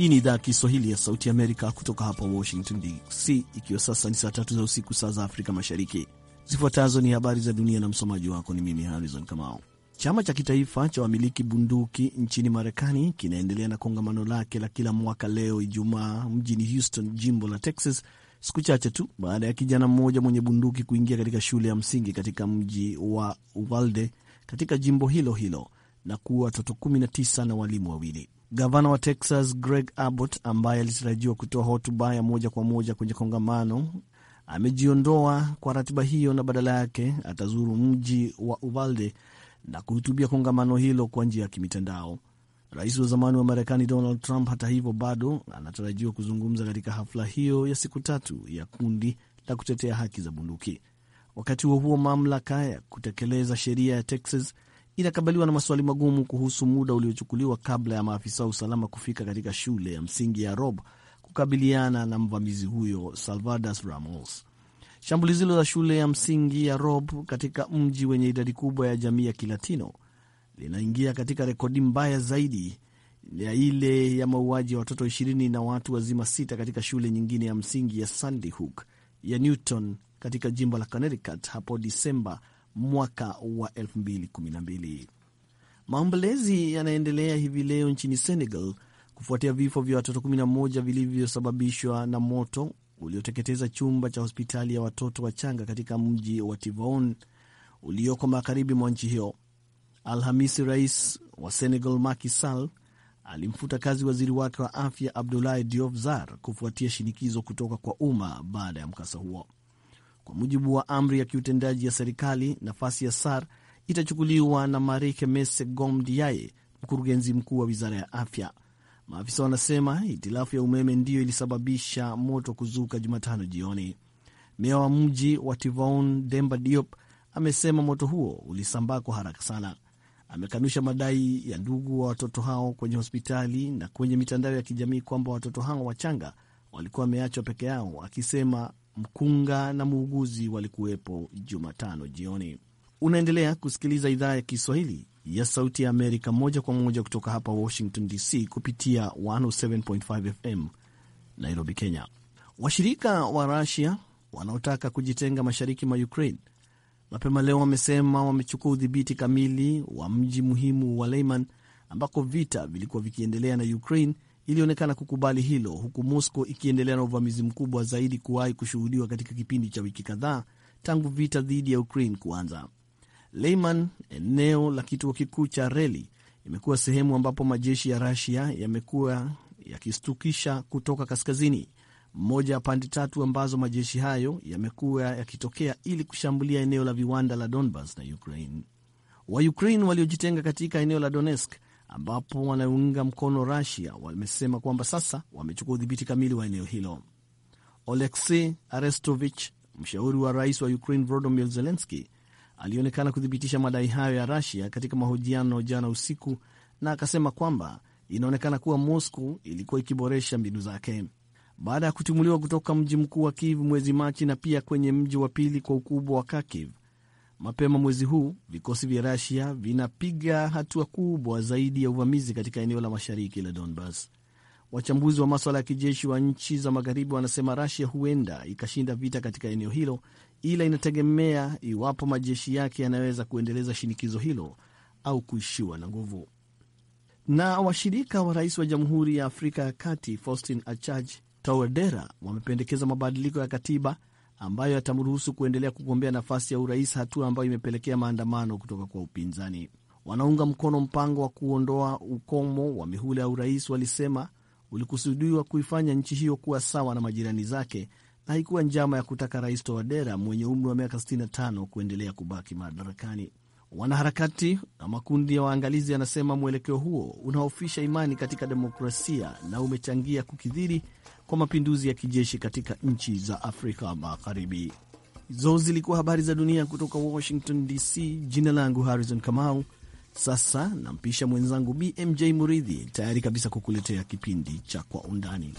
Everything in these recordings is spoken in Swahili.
Hii ni idhaa ya Kiswahili ya Sauti ya Amerika kutoka hapa Washington DC, ikiwa sasa ni saa tatu za usiku, saa za Afrika Mashariki. Zifuatazo ni habari za dunia na msomaji wako ni mimi Harrison Kamao. Chama cha kitaifa cha wamiliki bunduki nchini Marekani kinaendelea na kongamano lake la kila mwaka leo Ijumaa mjini Houston, jimbo la Texas, siku chache tu baada ya kijana mmoja mwenye bunduki kuingia katika shule ya msingi katika mji wa Uvalde katika jimbo hilo hilo na kuua watoto 19 na walimu wawili. Gavana wa Texas Greg Abbott, ambaye alitarajiwa kutoa hotuba ya moja kwa moja kwenye kongamano, amejiondoa kwa ratiba hiyo na badala yake atazuru mji wa Uvalde na kuhutubia kongamano hilo kwa njia ya kimitandao. Rais wa zamani wa Marekani Donald Trump, hata hivyo, bado anatarajiwa kuzungumza katika hafla hiyo ya siku tatu ya kundi la kutetea haki za bunduki. Wakati huo huo, mamlaka ya kutekeleza sheria ya Texas inakabiliwa na maswali magumu kuhusu muda uliochukuliwa kabla ya maafisa wa usalama kufika katika shule ya msingi ya Rob kukabiliana na mvamizi huyo Salvadas Ramos. Shambulizi hilo la shule ya msingi ya Rob katika mji wenye idadi kubwa ya jamii ya Kilatino linaingia katika rekodi mbaya zaidi ya ile ya mauaji ya watoto ishirini na watu wazima sita katika shule nyingine ya msingi ya Sandy Hook ya Newton katika jimbo la Connecticut hapo Disemba mwaka wa 2012. Maombolezi yanaendelea hivi leo nchini Senegal kufuatia vifo vya watoto 11 vilivyosababishwa na moto ulioteketeza chumba cha hospitali ya watoto wachanga katika mji wa Tivon ulioko magharibi mwa nchi hiyo. Alhamisi, rais wa Senegal Macky Sall alimfuta kazi waziri wake wa afya Abdoulaye Diouf Sarr kufuatia shinikizo kutoka kwa umma baada ya mkasa huo. Kwa mujibu wa amri ya kiutendaji ya serikali, nafasi ya SAR itachukuliwa na Marike Mese gomdiae mkurugenzi mkuu wa wizara ya afya. Maafisa wanasema hitilafu ya umeme ndiyo ilisababisha moto kuzuka Jumatano jioni. Meya wa mji wa Tivaoun Demba Diop amesema moto huo ulisambaa kwa haraka sana. Amekanusha madai ya ndugu wa watoto hao kwenye hospitali na kwenye mitandao ya kijamii kwamba watoto hao wachanga walikuwa wameachwa peke yao, akisema mkunga na muuguzi walikuwepo Jumatano jioni. Unaendelea kusikiliza idhaa ya Kiswahili ya Sauti ya Amerika moja kwa moja kutoka hapa Washington DC kupitia 107.5 FM Nairobi, Kenya. Washirika wa Rusia wanaotaka kujitenga mashariki mwa Ukraine mapema leo wamesema wamechukua udhibiti kamili wa mji muhimu wa Lyman ambako vita vilikuwa vikiendelea na Ukraine ilionekana kukubali hilo, huku Moscow ikiendelea na uvamizi mkubwa zaidi kuwahi kushuhudiwa katika kipindi cha wiki kadhaa tangu vita dhidi ya Ukraine kuanza. Leiman, eneo la kituo kikuu cha reli, imekuwa sehemu ambapo majeshi ya Rusia yamekuwa yakistukisha kutoka kaskazini, mmoja ya pande tatu ambazo majeshi hayo yamekuwa yakitokea ili kushambulia eneo la viwanda la Donbas na Ukraine. waukrain waliojitenga katika eneo la Donetsk ambapo wanaunga mkono Rusia wamesema kwamba sasa wamechukua udhibiti kamili wa eneo hilo. Oleksei Arestovich, mshauri wa rais wa Ukraine Volodymyr Zelenski, alionekana kuthibitisha madai hayo ya Rusia katika mahojiano jana usiku, na akasema kwamba inaonekana kuwa Moscow ilikuwa ikiboresha mbinu zake baada ya kutimuliwa kutoka mji mkuu wa Kiev mwezi Machi na pia kwenye mji wa pili kwa ukubwa wa Kharkiv. Mapema mwezi huu vikosi vya Rusia vinapiga hatua kubwa zaidi ya uvamizi katika eneo la mashariki la Donbas. Wachambuzi wa maswala ya kijeshi wa nchi za magharibi wanasema Rusia huenda ikashinda vita katika eneo hilo, ila inategemea iwapo majeshi yake yanaweza kuendeleza shinikizo hilo au kuishiwa na nguvu. Na washirika wa rais wa Jamhuri ya Afrika ya Kati Faustin Achaj Touadera wamependekeza mabadiliko ya katiba ambayo yatamruhusu kuendelea kugombea nafasi ya urais, hatua ambayo imepelekea maandamano kutoka kwa upinzani. Wanaunga mkono mpango wa kuondoa ukomo wa mihula ya urais walisema ulikusudiwa kuifanya nchi hiyo kuwa sawa na majirani zake na haikuwa njama ya kutaka Rais Towadera mwenye umri wa miaka 65 kuendelea kubaki madarakani. Wanaharakati na makundi ya waangalizi yanasema mwelekeo huo unaofisha imani katika demokrasia na umechangia kukithiri kwa mapinduzi ya kijeshi katika nchi za Afrika Magharibi. Hizo zilikuwa habari za dunia kutoka Washington DC. Jina langu Harrison Kamau. Sasa nampisha mwenzangu BMJ Muridhi, tayari kabisa kukuletea kipindi cha Kwa Undani.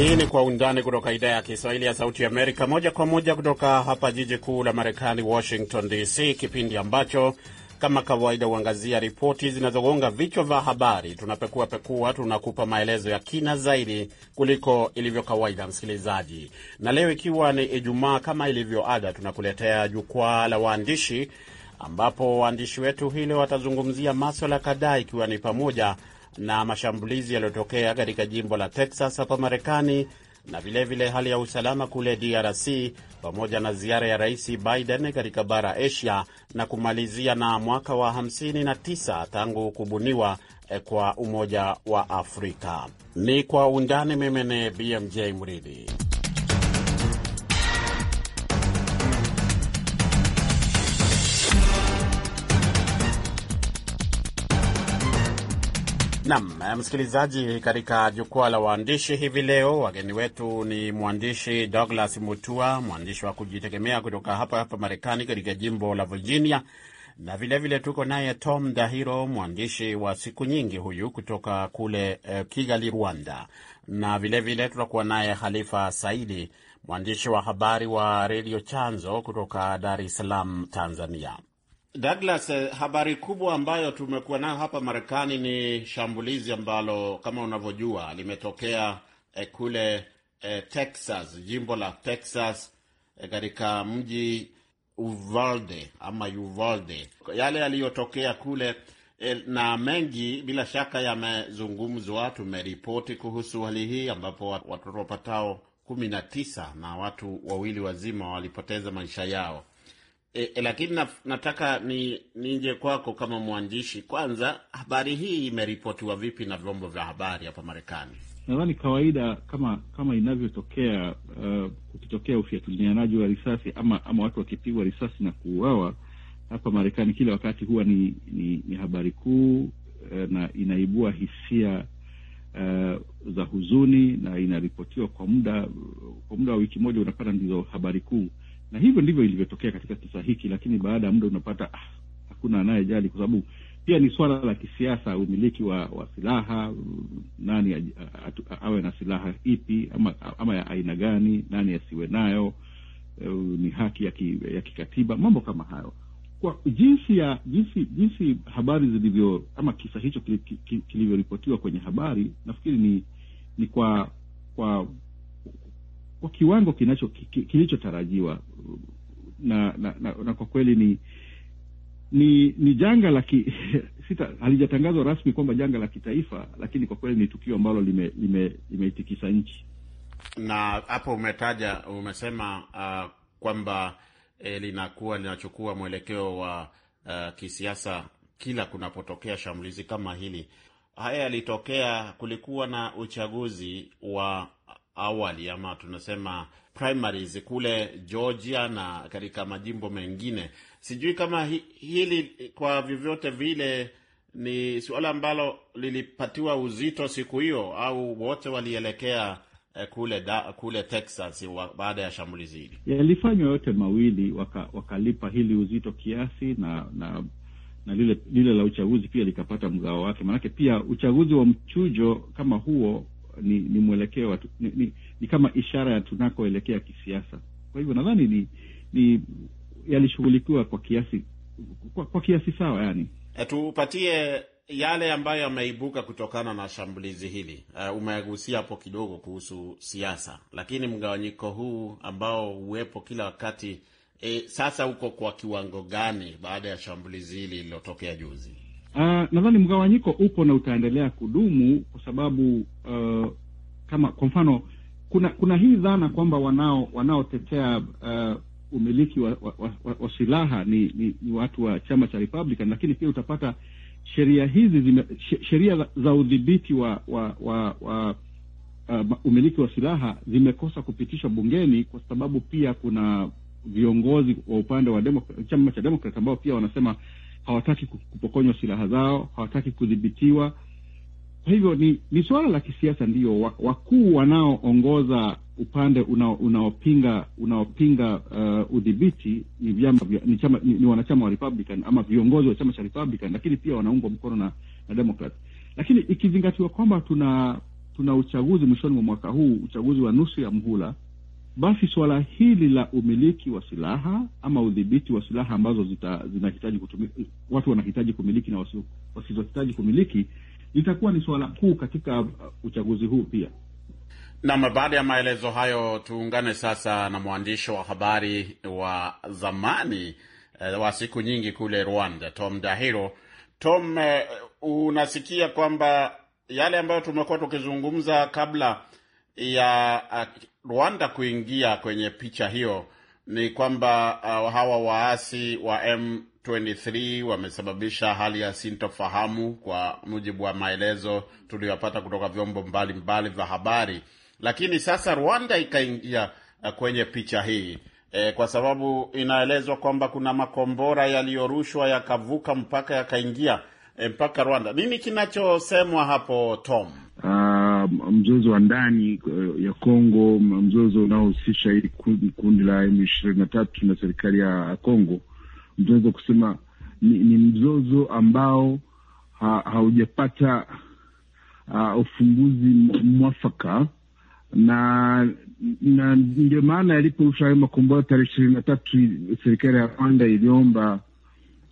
Hii ni Kwa Undani kutoka idhaa ya Kiswahili ya Sauti Amerika, moja kwa moja kutoka hapa jiji kuu la Marekani, Washington DC, kipindi ambacho kama kawaida huangazia ripoti zinazogonga vichwa vya habari. Tunapekua pekua, tunakupa maelezo ya kina zaidi kuliko ilivyo kawaida, msikilizaji. Na leo ikiwa ni Ijumaa, kama ilivyo ada, tunakuletea jukwaa la waandishi, ambapo waandishi wetu hilo watazungumzia maswala kadhaa, ikiwa ni pamoja na mashambulizi yaliyotokea katika jimbo la Texas hapa Marekani na vilevile vile hali ya usalama kule DRC pamoja na ziara ya Rais Biden katika bara Asia na kumalizia na mwaka wa 59 tangu kubuniwa eh, kwa Umoja wa Afrika. Ni kwa undani, mimi ni BMJ Mridhi. Nam msikilizaji, katika jukwaa la waandishi hivi leo, wageni wetu ni mwandishi Douglas Mutua, mwandishi wa kujitegemea kutoka hapa hapa Marekani, katika jimbo la Virginia, na vilevile vile tuko naye Tom Dahiro, mwandishi wa siku nyingi huyu kutoka kule eh, Kigali, Rwanda, na vilevile tutakuwa naye Halifa Saidi, mwandishi wa habari wa redio Chanzo kutoka Dar es Salaam, Tanzania. Douglas, eh, habari kubwa ambayo tumekuwa nayo hapa Marekani ni shambulizi ambalo kama unavyojua limetokea eh, kule eh, Texas, jimbo la Texas eh, katika mji Uvalde ama Uvalde. Yale yaliyotokea kule eh, na mengi bila shaka yamezungumzwa, tumeripoti kuhusu hali hii ambapo watoto wapatao kumi na tisa na watu wawili wazima walipoteza maisha yao. E, e, lakini na, nataka ni nije kwako kama mwandishi kwanza, habari hii imeripotiwa vipi na vyombo vya habari hapa Marekani? Nadhani kawaida kama kama inavyotokea uh, eh, kukitokea ufyatulianaji wa risasi ama ama watu wakipigwa risasi na kuuawa hapa Marekani kila wakati huwa ni, ni, ni habari kuu uh, na inaibua hisia uh, za huzuni na inaripotiwa kwa muda kwa muda wa wiki moja, unapata ndizo habari kuu na hivyo ndivyo ilivyotokea katika kisa hiki, lakini baada ya muda unapata ah, hakuna anayejali kwa sababu pia ni swala la kisiasa, umiliki wa, wa silaha, nani awe na silaha ipi ama, ama ya aina gani, nani asiwe nayo, eh, ni haki ya, ki, ya kikatiba, mambo kama hayo. Kwa jinsi ya jinsi jinsi habari zilivyo ama kisa hicho kilivyoripotiwa kwenye habari, nafikiri ni ni kwa kwa kwa kiwango kinacho kilichotarajiwa na, na, na, na kwa kweli ni ni ni janga la ki, sita halijatangazwa rasmi kwamba janga la kitaifa, lakini kwa kweli ni tukio ambalo limeitikisa lime, lime nchi. Na hapo umetaja umesema uh, kwamba eh, linakuwa linachukua mwelekeo wa uh, kisiasa kila kunapotokea shambulizi kama hili. Haya yalitokea, kulikuwa na uchaguzi wa awali ama tunasema primaries kule Georgia na katika majimbo mengine. Sijui kama hi, hili kwa vyovyote vile ni suala ambalo lilipatiwa uzito siku hiyo au wote walielekea eh, kule da, kule Texas baada ya shambulizi hili. Yalifanywa yote mawili, waka, wakalipa hili uzito kiasi na na na lile lile la uchaguzi pia likapata mgao wake, maanake pia uchaguzi wa mchujo kama huo ni, ni mwelekeo ni, ni, ni kama ishara ya tunakoelekea kisiasa. Kwa hivyo nadhani ni, ni yalishughulikiwa kwa kiasi kwa, kwa kiasi sawa. Yani eh, tupatie yale ambayo yameibuka kutokana na shambulizi hili. Uh, umegusia hapo kidogo kuhusu siasa, lakini mgawanyiko huu ambao huwepo kila wakati e, sasa uko kwa kiwango gani baada ya shambulizi hili lililotokea juzi? Uh, nadhani mgawanyiko upo na utaendelea kudumu kwa sababu uh, kama kwa mfano kuna kuna hii dhana kwamba wanao wanaotetea uh, umiliki wa, wa, wa, wa silaha ni, ni, ni watu wa chama cha Republican, lakini pia utapata sheria hizi zime, sheria za udhibiti wa, wa, wa, wa uh, umiliki wa silaha zimekosa kupitishwa bungeni kwa sababu pia kuna viongozi wa upande wa chama cha Democrat ambao pia wanasema hawataki kupokonywa silaha zao, hawataki kudhibitiwa. Kwa hivyo ni, ni suala la kisiasa ndiyo. Wakuu wanaoongoza upande unaopinga unaopinga uh, udhibiti ni, vyama, ni, chama, ni, ni wanachama wa Republican ama viongozi wa chama cha Republican, lakini pia wanaungwa mkono na, na Democrat. Lakini ikizingatiwa kwamba tuna tuna uchaguzi mwishoni mwa mwaka huu, uchaguzi wa nusu ya mhula basi suala hili la umiliki wa silaha ama udhibiti wa silaha ambazo zita, zinahitaji kutumika, watu wanahitaji kumiliki na wasizohitaji kumiliki litakuwa ni suala kuu katika uh, uchaguzi huu pia. Nam, baada ya maelezo hayo, tuungane sasa na mwandishi wa habari wa zamani eh, wa siku nyingi kule Rwanda, Tom Dahiro. Tom, eh, unasikia kwamba yale ambayo tumekuwa tukizungumza kabla ya uh, Rwanda kuingia kwenye picha hiyo ni kwamba uh, hawa waasi wa M23 wamesababisha hali ya sintofahamu kwa mujibu wa maelezo tuliyopata kutoka vyombo mbalimbali vya habari, lakini sasa Rwanda ikaingia uh, kwenye picha hii e, kwa sababu inaelezwa kwamba kuna makombora yaliyorushwa yakavuka mpaka yakaingia e, mpaka Rwanda. Nini kinachosemwa hapo Tom? Uh, mzozo wa ndani eh, ya Kongo, mzozo unaohusisha hili kundi la M ishirini na tatu na serikali ya Kongo, mzozo kusema ni, ni mzozo ambao ha, haujapata uh, ufumbuzi mwafaka na na ndio maana yaliporusha hayo makombora tarehe ishirini na tatu, serikali ya Rwanda iliomba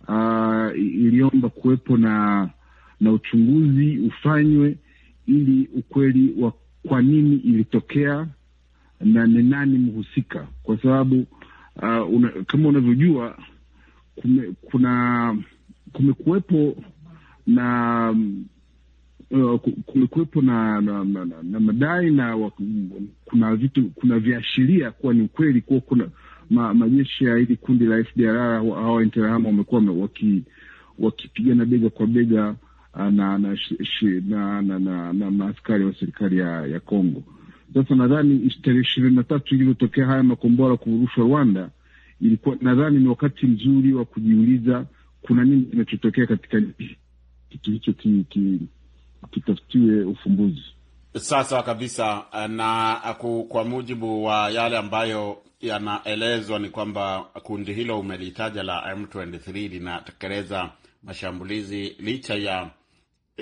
uh, iliomba kuwepo na na uchunguzi ufanywe ili ukweli wa kwa nini ilitokea na ni nani mhusika, kwa sababu uh, una, kama unavyojua kume, kuna kumekuwepo na uh, kumekuwepo na, na, na, na, na madai na wa, kuna vitu kuna viashiria kuwa ni ukweli kuwa kuna ma, majeshi ya hili kundi la FDLR hawa Interahamwe wamekuwa waki wakipigana bega kwa bega Ah, na na na, na, na, na maaskari wa serikali ya, ya Kongo. Sasa nadhani tarehe ishirini na tatu ilivyotokea haya makombora kurushwa Rwanda, ilikuwa nadhani ni wakati mzuri wa kujiuliza kuna nini kinachotokea katika kitu hicho, kitafutiwe ufumbuzi. Sasa kabisa na kwa mujibu wa yale ambayo yanaelezwa ni kwamba kundi hilo umelitaja la M23 linatekeleza mashambulizi licha ya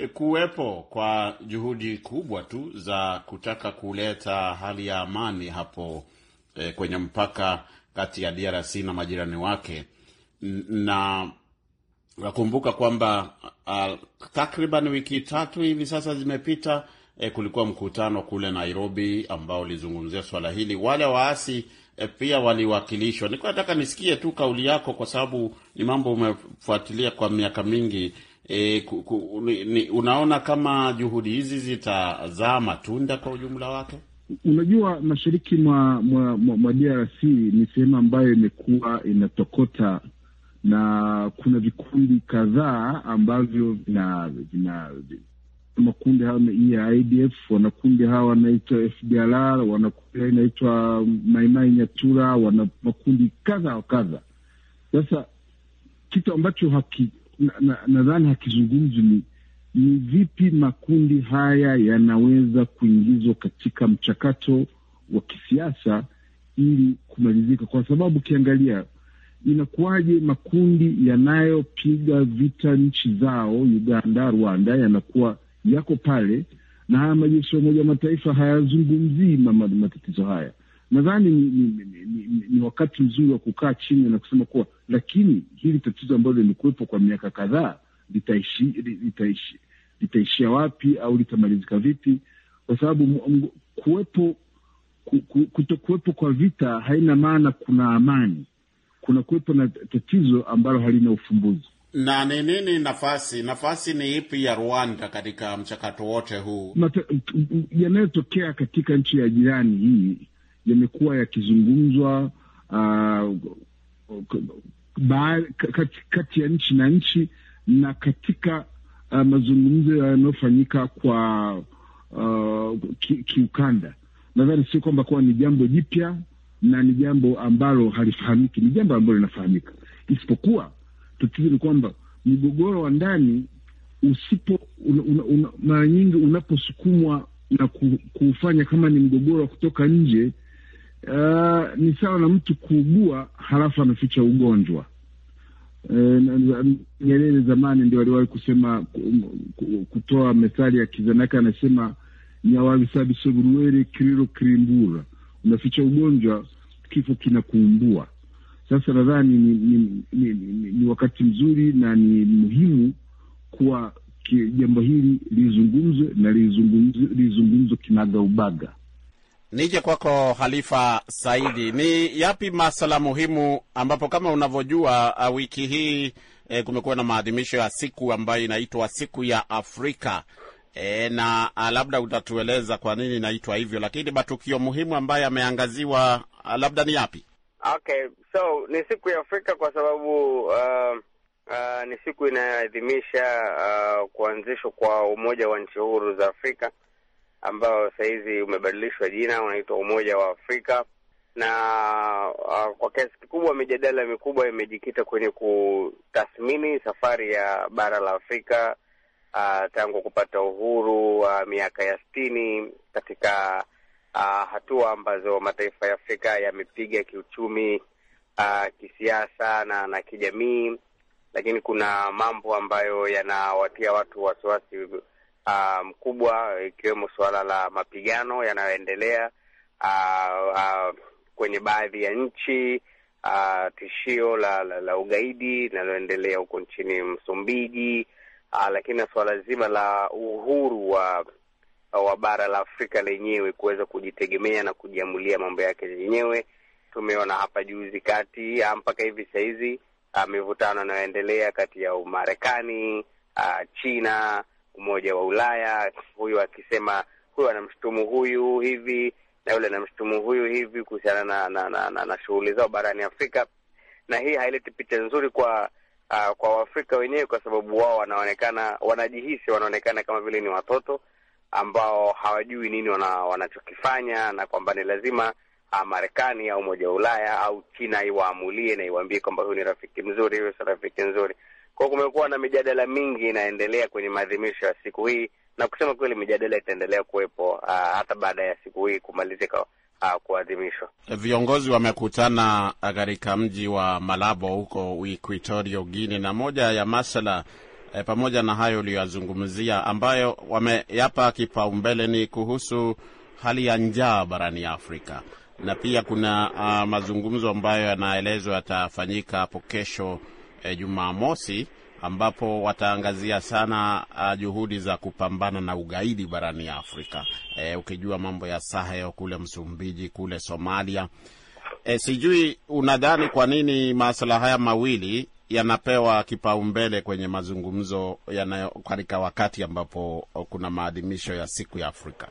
Eh, kuwepo kwa juhudi kubwa tu za kutaka kuleta hali ya amani hapo e, kwenye mpaka kati ya DRC na majirani wake, na nakumbuka kwamba takriban wiki tatu hivi sasa zimepita. E, kulikuwa mkutano kule Nairobi ambao ulizungumzia swala hili. Wale waasi e, pia waliwakilishwa. Nilikuwa nataka nisikie tu kauli yako, kwa sababu ni mambo umefuatilia kwa miaka mingi E, ku, ku, ni, ni, unaona kama juhudi hizi zitazaa matunda kwa ujumla wake? Unajua, mashariki mwa, mwa, mwa, mwa DRC ni sehemu ambayo imekuwa inatokota na kuna vikundi kadhaa ambavyo vina vina makundi hayo ya IDF, wanakundi hawa wanaitwa FDLR, wanakundi inaitwa Maimai Nyatura, wana makundi kadha wa kadha. Sasa kitu ambacho haki, nadhani na, hakizungumzi ni ni vipi makundi haya yanaweza kuingizwa katika mchakato wa kisiasa ili kumalizika, kwa sababu ukiangalia inakuwaje makundi yanayopiga vita nchi zao Uganda, Rwanda yanakuwa yako pale na haya majeshi ya Umoja wa Mataifa hayazungumzii matatizo haya nadhani ni, ni, ni, ni, ni wakati mzuri wa kukaa chini na kusema kuwa lakini hili tatizo ambalo limekuwepo kwa miaka kadhaa litaishi, litaishi, litaishia wapi au litamalizika vipi? Kwa sababu kuwepo kuwepo kwa vita haina maana kuna amani. Kuna kuwepo na tatizo ambalo halina ufumbuzi. Na ni nini nafasi nafasi ni ipi ya Rwanda katika mchakato wote huu? Yanayotokea katika nchi ya jirani hii yamekuwa yakizungumzwa uh, kati, kati ya nchi na nchi na katika uh, mazungumzo yanayofanyika kwa uh, kiukanda ki nadhani sio kwamba kuwa ni jambo jipya na ni jambo ambalo halifahamiki, ni jambo ambalo linafahamika, isipokuwa tatizo ni kwamba mgogoro wa ndani usipo mara nyingi unaposukumwa na kuufanya kama ni mgogoro wa kutoka nje uh, ni sawa na mtu kuugua halafu anaficha ugonjwa. Eh, Nyerere zamani ndio aliwahi kusema kutoa methali ya Kizanaka, anasema nyawavisabisoburuwere kiriro kirimbura, unaficha ugonjwa kifo kinakuumbua. Sasa nadhani ni, ni, ni, ni, ni wakati mzuri na ni muhimu kuwa jambo hili lizungumzwe na lizungumzwe kinaga ubaga nije kwako Halifa Saidi, ni yapi masala muhimu ambapo kama unavyojua wiki hii e, kumekuwa na maadhimisho ya siku ambayo inaitwa siku ya Afrika e, na labda utatueleza kwa nini inaitwa hivyo, lakini matukio muhimu ambayo yameangaziwa labda ni yapi? Okay, so ni siku ya Afrika kwa sababu uh, uh, ni siku inayoadhimisha uh, kuanzishwa kwa umoja wa nchi huru za Afrika ambao sasa umebadilishwa jina, unaitwa Umoja wa Afrika na uh, kwa kiasi kikubwa mijadala mikubwa imejikita kwenye kutathmini safari ya bara la Afrika uh, tangu kupata uhuru wa uh, miaka ya sitini katika uh, hatua ambazo mataifa ya Afrika yamepiga kiuchumi, uh, kisiasa na na kijamii, lakini kuna mambo ambayo yanawatia watu wasiwasi uh, mkubwa ikiwemo suala la mapigano yanayoendelea uh, uh, kwenye baadhi ya nchi uh, tishio la, la, la ugaidi linaloendelea huko nchini Msumbiji uh, lakini na suala zima la uhuru wa wa bara la Afrika lenyewe kuweza kujitegemea na kujiamulia mambo yake yenyewe. Tumeona hapa juzi kati uh, mpaka hivi sahizi uh, mivutano inayoendelea kati ya Umarekani, uh, China Umoja wa Ulaya, huyu akisema huyu anamshutumu huyu hivi na yule anamshutumu huyu hivi kuhusiana na, na, na, na, na shughuli zao barani Afrika, na hii haileti picha nzuri kwa uh, kwa Waafrika wenyewe, kwa sababu wao wanaonekana wanajihisi, wanaonekana kama vile ni watoto ambao hawajui nini wana, wanachokifanya na kwamba ni lazima uh, Marekani au Umoja wa Ulaya au China iwaamulie na iwaambie kwamba huyu ni rafiki mzuri, huyu si rafiki nzuri. Kwa kumekuwa na mijadala mingi inaendelea kwenye maadhimisho ya siku hii, na kusema kweli mijadala itaendelea kuwepo ah, hata baada ya siku hii kumalizika ah, kuadhimishwa. Viongozi wamekutana ah, katika mji wa Malabo huko Equatorio Guinea, na moja ya masala e, pamoja na hayo uliyoyazungumzia ambayo wameyapa kipaumbele ni kuhusu hali ya njaa barani Afrika na pia kuna a, mazungumzo ambayo yanaelezwa yatafanyika hapo kesho e, Jumamosi ambapo wataangazia sana ah, juhudi za kupambana na ugaidi barani Afrika. E, ukijua mambo ya Sahel kule Msumbiji kule Somalia. E, sijui unadhani kwa nini maswala haya mawili yanapewa kipaumbele kwenye mazungumzo yanayo katika wakati ambapo oh, kuna maadhimisho ya siku ya Afrika?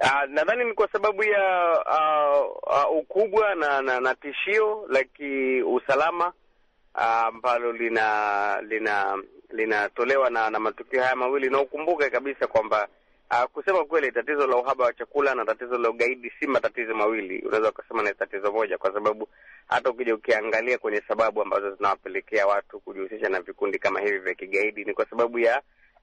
Uh, nadhani ni kwa sababu ya uh, uh, ukubwa na, na, na tishio la kiusalama Ah, ambalo lina lina linatolewa na, na matukio haya mawili na ukumbuke kabisa kwamba Uh, kusema kweli tatizo la uhaba wa chakula na tatizo la ugaidi si matatizo mawili, unaweza ukasema ni tatizo moja, kwa sababu hata ukija ukiangalia kwenye sababu ambazo zinawapelekea watu kujihusisha na vikundi kama hivi vya kigaidi ni kwa sababu ya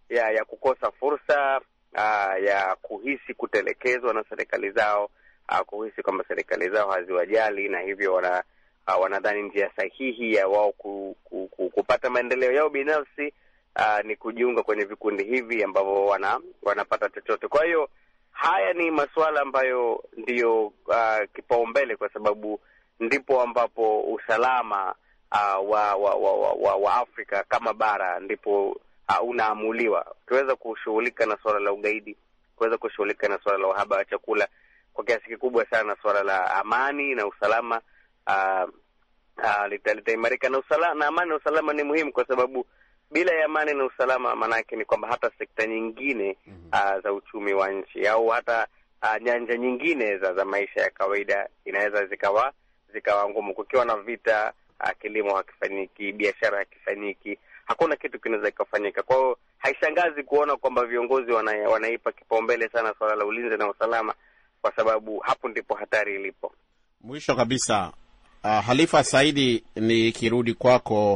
ya, ya kukosa fursa uh, ya kuhisi kutelekezwa na serikali zao uh, kuhisi kwamba serikali zao haziwajali na hivyo wana uh, wanadhani njia sahihi ya wao ku, ku, ku, kupata maendeleo yao binafsi uh, ni kujiunga kwenye vikundi hivi ambavyo wana, wanapata chochote. Kwa hiyo haya ni masuala ambayo ndiyo uh, kipaumbele kwa sababu ndipo ambapo usalama uh, wa, wa, wa, wa, wa, wa Afrika kama bara ndipo uh, unaamuliwa. Ukiweza kushughulika na suala la ugaidi, kuweza kushughulika na suala la uhaba wa chakula, kwa kiasi kikubwa sana suala la amani na usalama uh, ah, uh, ah, litaimarika na usalama, na amani na usalama ni muhimu kwa sababu bila ya amani na usalama, maanaake ni kwamba hata sekta nyingine mm -hmm. uh, za uchumi wa nchi au hata uh, nyanja nyingine za, za maisha ya kawaida inaweza zikawa zikawa ngumu. Kukiwa na vita, uh, kilimo hakifanyiki, biashara hakifanyiki, hakuna kitu kinaweza kikafanyika. Kwa hiyo haishangazi kuona kwamba viongozi wana, wanaipa kipaumbele sana suala la ulinzi na usalama, kwa sababu hapo ndipo hatari ilipo. Mwisho kabisa Uh, Halifa Saidi, nikirudi kwako.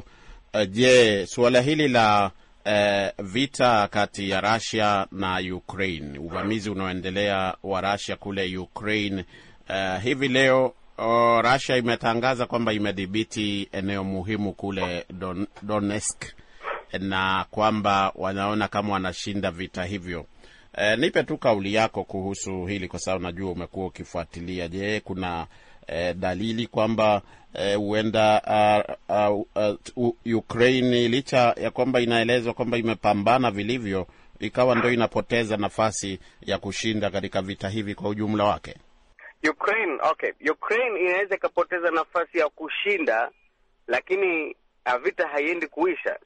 Uh, je, suala hili la uh, vita kati ya Russia na Ukraine, uvamizi unaoendelea wa Russia kule Ukraine, uh, hivi leo uh, Russia imetangaza kwamba imedhibiti eneo muhimu kule Don Donetsk na kwamba wanaona kama wanashinda vita hivyo. Uh, nipe tu kauli yako kuhusu hili, kwa sababu najua umekuwa ukifuatilia. Je, kuna eh, dalili kwamba eh, huenda eh, uh, uh, uh, uh, Ukraine licha ya kwamba inaelezwa kwamba imepambana vilivyo ikawa ndio inapoteza nafasi ya kushinda katika vita hivi kwa ujumla wake. Ukraine, okay, Ukraine inaweza ikapoteza nafasi ya kushinda, lakini ah, vita haiendi kuisha.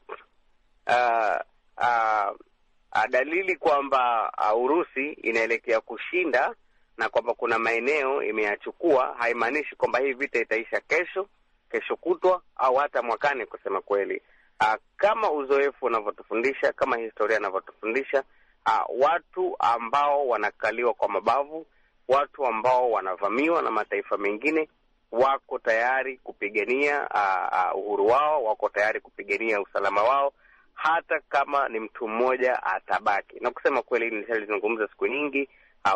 Uh, uh, dalili kwamba uh, Urusi inaelekea kushinda na kwamba kuna maeneo imeyachukua, haimaanishi kwamba hii vita itaisha kesho, kesho kutwa au hata mwakani. Kusema kweli, ah, kama uzoefu unavyotufundisha, kama historia inavyotufundisha, ah, watu ambao wanakaliwa kwa mabavu, watu ambao wanavamiwa na mataifa mengine wako tayari kupigania ah, uhuru wao, wako tayari kupigania usalama wao, hata kama ni mtu mmoja atabaki. Na kusema kweli, nilishalizungumza siku nyingi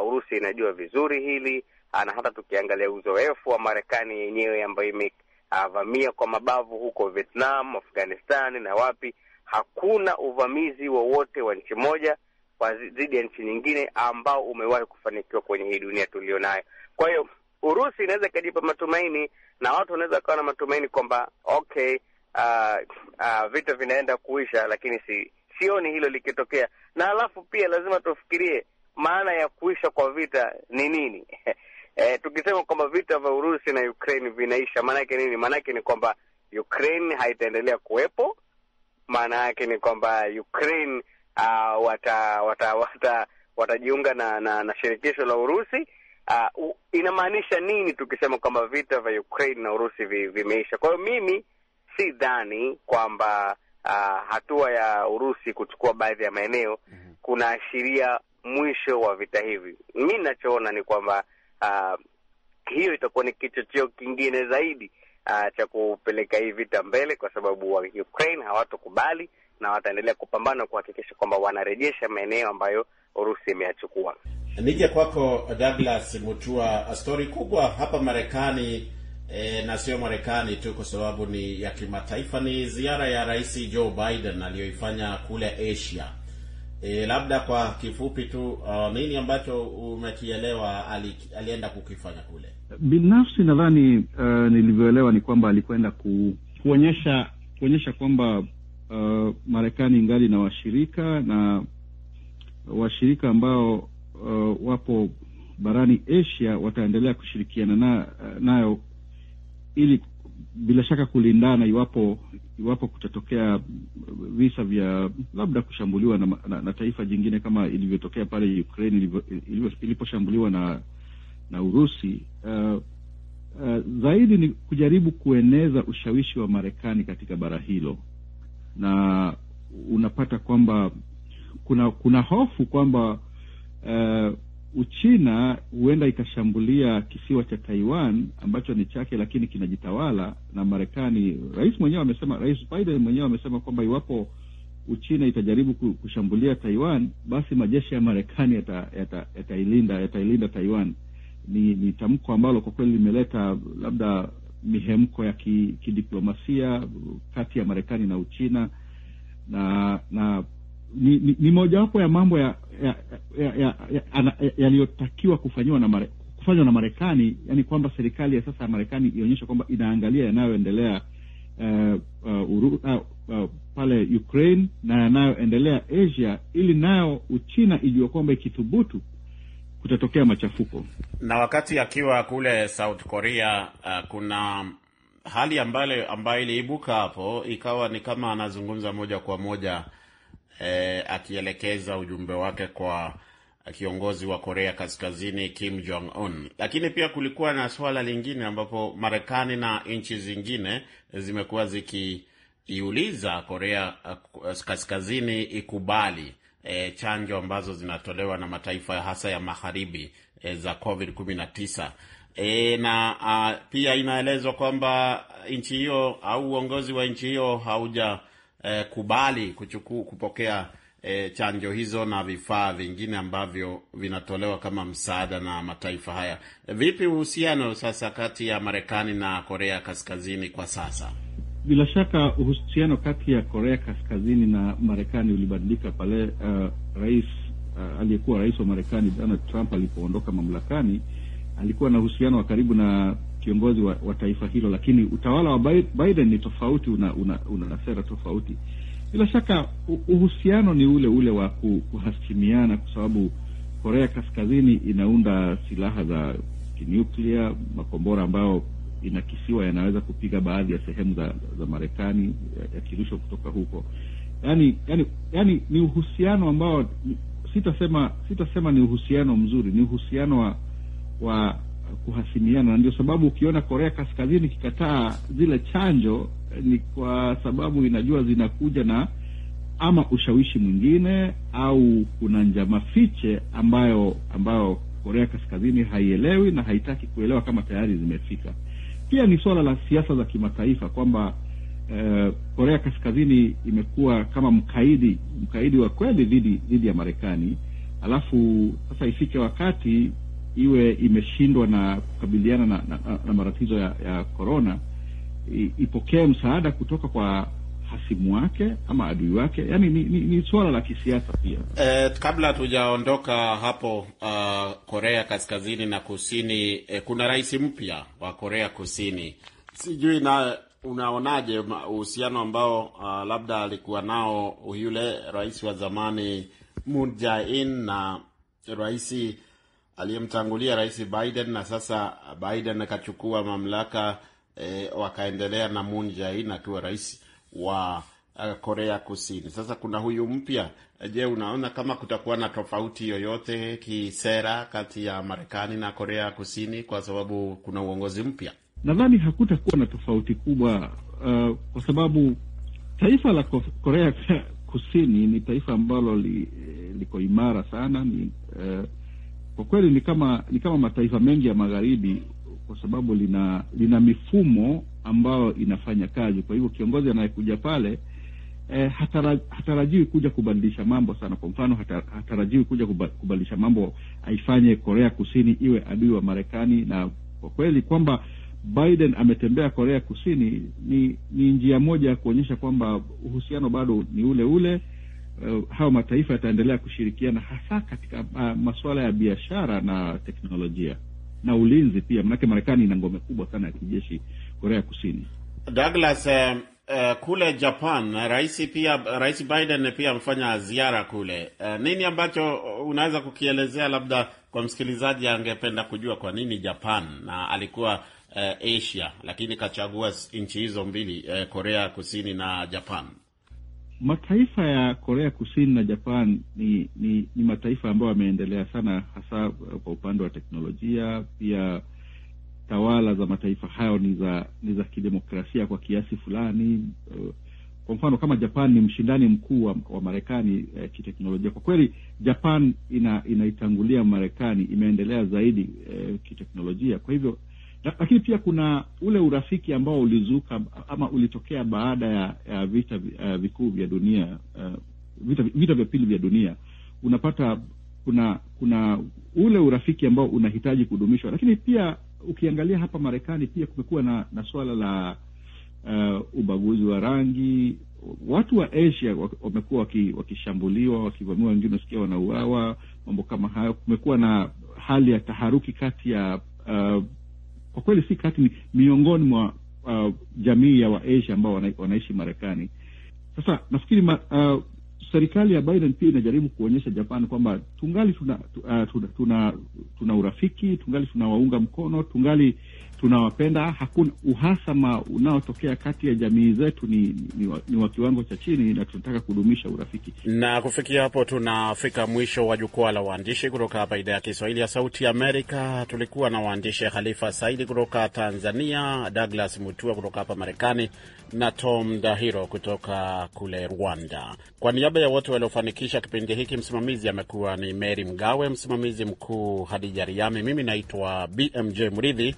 Urusi inajua vizuri hili na hata tukiangalia uzoefu wa Marekani yenyewe ambayo imevamia kwa mabavu huko Vietnam, Afghanistan na wapi, hakuna uvamizi wowote wa, wa nchi moja kwa dhidi ya nchi nyingine ambao umewahi kufanikiwa kwenye hii dunia tulionayo. Kwa hiyo Urusi inaweza ikajipa matumaini na watu wanaweza wakawa na matumaini kwamba okay, uh, uh, vita vinaenda kuisha, lakini si sioni hilo likitokea. Na alafu pia lazima tufikirie maana ya kuisha kwa vita ni nini? E, tukisema kwamba vita vya Urusi na Ukraine vinaisha, maana yake nini? Maana yake ni kwamba Ukraine haitaendelea kuwepo. Maana yake ni kwamba Ukraine uh, wata wata wata watajiunga na, na, na shirikisho la Urusi. Uh, inamaanisha nini tukisema kwamba vita vya Ukraine na Urusi vimeisha? Kwa hiyo mimi si dhani kwamba uh, hatua ya Urusi kuchukua baadhi ya maeneo mm -hmm. kunaashiria mwisho wa vita hivi. Mi nachoona ni kwamba uh, hiyo itakuwa ni kichocheo kingine zaidi uh, cha kupeleka hii vita mbele, kwa sababu wa Ukraine hawatokubali na wataendelea kupambana kuhakikisha kwamba wanarejesha maeneo ambayo Urusi imeyachukua. Nije kwako Douglas Mutua, stori kubwa hapa Marekani e, na sio Marekani tu kwa sababu ni ya kimataifa, ni ziara ya Rais Joe Biden aliyoifanya kule Asia E, labda kwa kifupi tu uh, nini ambacho umekielewa ali, alienda kukifanya kule? Binafsi nadhani uh, nilivyoelewa ni kwamba alikwenda ku, kuonyesha kuonyesha kwamba uh, Marekani ingali na washirika na washirika ambao uh, wapo barani Asia wataendelea kushirikiana na, uh, nayo ili bila shaka kulindana iwapo iwapo kutatokea visa vya labda kushambuliwa na, na, na taifa jingine kama ilivyotokea pale Ukraine iliposhambuliwa na, na Urusi uh, Uh, zaidi ni kujaribu kueneza ushawishi wa Marekani katika bara hilo, na unapata kwamba kuna kuna hofu kwamba uh, Uchina huenda ikashambulia kisiwa cha Taiwan ambacho ni chake lakini kinajitawala na Marekani. Rais mwenyewe amesema, Rais Biden mwenyewe amesema kwamba iwapo Uchina itajaribu kushambulia Taiwan, basi majeshi ya Marekani yatailinda yata, yata yatailinda Taiwan. Ni, ni tamko ambalo kwa kweli limeleta labda mihemko ya kidiplomasia ki kati ya Marekani na Uchina na na ni, ni, ni mojawapo ya mambo yaliyotakiwa ya, ya, ya, ya, ya kufanywa na mare, kufanywa na Marekani, yani kwamba serikali ya sasa ya Marekani ionyeshe kwamba inaangalia yanayoendelea eh, uh, uh, uh, uh, pale Ukraine na yanayoendelea Asia, ili nayo Uchina ijue kwamba ikithubutu kutatokea machafuko. Na wakati akiwa kule South Korea, uh, kuna hali ambayo ambayo iliibuka hapo, ikawa ni kama anazungumza moja kwa moja eh, akielekeza ujumbe wake kwa kiongozi wa Korea Kaskazini Kim Jong Un. Lakini pia kulikuwa na suala lingine ambapo Marekani na nchi zingine zimekuwa zikiiuliza Korea eh, Kaskazini ikubali e, chanjo ambazo zinatolewa na mataifa hasa ya magharibi e, za COVID-19. E, na a, ah, pia inaelezwa kwamba nchi hiyo au uongozi wa nchi hiyo hauja eh, kubali kuchuku, kupokea eh, chanjo hizo na vifaa vingine ambavyo vinatolewa kama msaada na mataifa haya. Vipi uhusiano sasa kati ya Marekani na Korea Kaskazini kwa sasa? Bila shaka uhusiano kati ya Korea Kaskazini na Marekani ulibadilika pale uh, rais uh, aliyekuwa rais wa Marekani Donald Trump alipoondoka mamlakani. Alikuwa na uhusiano wa karibu na kiongozi wa, wa taifa hilo, lakini utawala wa Biden ni tofauti, una, una, una sera tofauti. Bila shaka uhusiano ni ule ule wa kuhasimiana, kwa sababu Korea Kaskazini inaunda silaha za kinuklia, makombora ambayo inakisiwa yanaweza kupiga baadhi ya sehemu za, za Marekani yakirushwa kutoka huko. Yani, yani, yani ni uhusiano ambao sitasema sitasema ni uhusiano mzuri, ni uhusiano wa wa kuhasimiana, na ndio sababu ukiona Korea Kaskazini ikikataa zile chanjo ni kwa sababu inajua zinakuja na ama ushawishi mwingine au kuna njama fiche ambayo ambayo Korea Kaskazini haielewi na haitaki kuelewa kama tayari zimefika. Pia ni suala la siasa za kimataifa kwamba eh, Korea Kaskazini imekuwa kama mkaidi mkaidi wa kweli dhidi dhidi ya Marekani, alafu sasa ifike wakati iwe imeshindwa na kukabiliana na, na, na, na matatizo ya korona ipokee msaada kutoka kwa hasimu wake ama adui wake. Yani ni, ni, ni suala la kisiasa pia. Eh, kabla tujaondoka hapo uh, Korea Kaskazini na Kusini, eh, kuna rais mpya wa Korea Kusini, sijui na unaonaje uhusiano ambao uh, labda alikuwa nao yule rais wa zamani Moon Jae-in na rais aliyemtangulia Rais Biden na sasa Biden akachukua mamlaka e, wakaendelea na Moon Jae-in akiwa rais wa eh, Korea Kusini. Sasa kuna huyu mpya. Je, unaona kama kutakuwa na tofauti yoyote kisera kati ya Marekani na Korea Kusini kwa sababu kuna uongozi mpya? Nadhani hakutakuwa na tofauti kubwa, uh, kwa sababu taifa la Korea Kusini ni taifa ambalo li, liko imara sana ni uh, kwa kweli ni kama ni kama mataifa mengi ya magharibi, kwa sababu lina lina mifumo ambayo inafanya kazi. Kwa hivyo kiongozi anayekuja pale eh, hatara, hatarajiwi kuja kubadilisha mambo sana. Kwa mfano hatarajiwi kuja kubadilisha mambo aifanye Korea Kusini iwe adui wa Marekani, na kwa kweli kwamba Biden ametembea Korea Kusini ni, ni njia moja ya kuonyesha kwamba uhusiano bado ni ule ule uh, hao mataifa yataendelea kushirikiana hasa katika uh, ah, masuala ya biashara na teknolojia na ulinzi pia, manake Marekani ina ngome kubwa sana ya kijeshi Korea Kusini. Douglas, uh, uh, kule Japan rais pia rais Biden pia amefanya ziara kule. Uh, nini ambacho unaweza kukielezea labda kwa msikilizaji angependa kujua kwa nini Japan na alikuwa uh, Asia lakini kachagua nchi hizo mbili uh, Korea Kusini na Japan? Mataifa ya Korea Kusini na Japan ni ni, ni mataifa ambayo yameendelea sana, hasa uh, kwa upande wa teknolojia. Pia tawala za mataifa hayo ni za ni za kidemokrasia kwa kiasi fulani. Uh, kwa mfano kama Japan ni mshindani mkuu wa, wa Marekani eh, kiteknolojia. Kwa kweli Japan ina, inaitangulia Marekani, imeendelea zaidi eh, kiteknolojia. Kwa hivyo lakini pia kuna ule urafiki ambao ulizuka ama ulitokea baada ya, ya vita uh, vikuu vya dunia uh, vita, vita vya pili vya dunia. Unapata kuna kuna ule urafiki ambao unahitaji kudumishwa, lakini pia ukiangalia hapa Marekani pia kumekuwa na, na suala la uh, ubaguzi wa rangi. Watu wa Asia wamekuwa wakishambuliwa, wakivamiwa, wengine wasikia wanauawa, mambo kama hayo. Kumekuwa na hali ya taharuki kati ya uh, kwa kweli si kati, ni miongoni mwa uh, jamii ya Waasia ambao wana, wanaishi Marekani. Sasa nafikiri ma, uh, serikali ya Biden pia inajaribu kuonyesha Japan kwamba tungali tuna, uh, tuna, tuna, tuna urafiki, tungali tunawaunga mkono, tungali tunawapenda. Hakuna uhasama unaotokea kati ya jamii zetu, ni, ni, wa, ni wa kiwango cha chini, na tunataka kudumisha urafiki. Na kufikia hapo, tunafika mwisho wa jukwaa la waandishi kutoka hapa idhaa ya Kiswahili ya Sauti ya Amerika. Tulikuwa na waandishi Khalifa Saidi kutoka Tanzania, Douglas Mutua kutoka hapa Marekani na Tom Dahiro kutoka kule Rwanda. Kwa niaba ya wote waliofanikisha kipindi hiki, msimamizi amekuwa ni ni Mary Mgawe, msimamizi mkuu Hadija Riami, mimi naitwa BMJ Mridhi,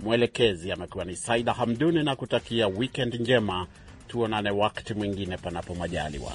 mwelekezi amekuwa ni Saida Hamduni, na kutakia wikend njema. Tuonane wakati mwingine panapo majaliwa.